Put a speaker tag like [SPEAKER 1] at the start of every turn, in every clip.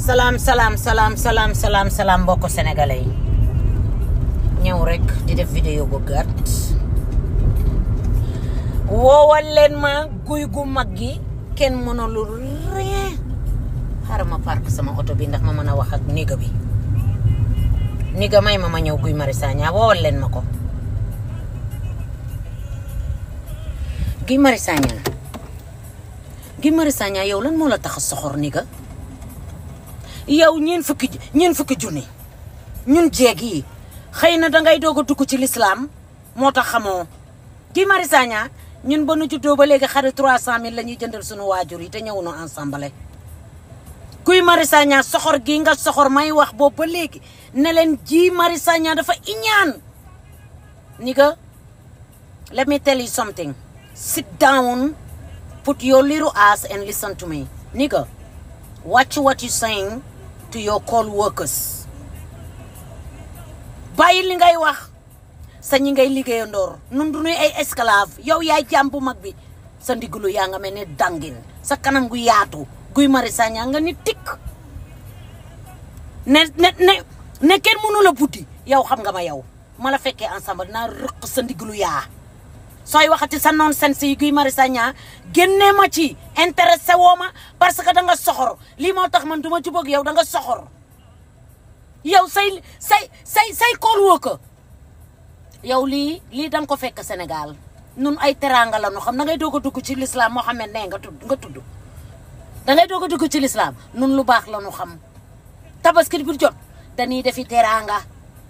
[SPEAKER 1] Salam salam salam salam salam salam boko sénégalais ñew rek di def vidéo bu gatt woowal leen ma guy gu maggi ken kenn lu rien xaaral ma park sama auto bi ndax ma mëna wax ak niga bi niga may ma ma ñew guy Marius Sagna woowal leen ma ko guy Marius Sagna guy Marius yow lan mo la tax soxor niga yow ñeen fukki ñeen fukki nyin ñun jeeg xeyna da ngay dangay tukku ci nyin motax xamo xamoo Guy ñun ba nu ba léegi xare 300000 la jëndal sunu wajuri yi te ensemble kuy Marius soxor gi nga soxor may wax bo ba ne len ji dafa iñaan ni ga let me tell you something sit down put your little ass and listen to me nigga watch what you saying to your co-workers bàyyi li ngay wax sa ñi ngay liggéeyandoor nun du ñuy ay esclave yow yaay jambu mag bi sa ndiglu ya nga melni dangin sa kanam gu yaatu guy mari sa ñanga ni tik ne ne ne ne ken mënu la buddi yow xam nga ma yow mala fekke ensemble na rek sa ndiglu ya soy waxati sa non sense yi guy sa ñaa genné ma ci intéressé woo ma parce lima mo tax man duma ma jubóog yow ya da nga soxor yow ya, say say say say kool woo yow li ya, li dang ko fekk senegal nun ay teranga la no xam na ngay dogo dug dugg ci lislaam Mohamed ne nga tud nga tud da ngay dogo dug ci l'islam nun lu bax la no xam tabaskir bi jot dani defi teranga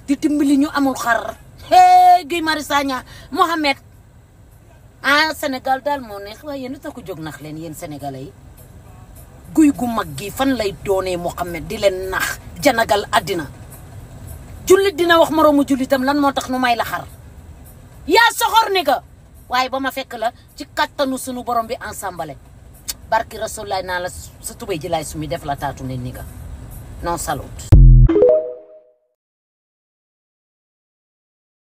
[SPEAKER 1] di timbali ñu amul xar hei Guy marisanya Muhammad, ah Senegal dal moo neex waaye yéen a tax ko jóg nax guy gu mag gi fan lay doonee Mouhamed di leen nax janagal àddina jullit dina wax moroomu jullitam lan moo tax nu may la xar yaa soxor ni nga waaye ba ma fekk la ci kattanu sunu borom bi ensemble barki rasulaay naa la sa tubéy ji laay su mi def la taatu ne ni nga non salut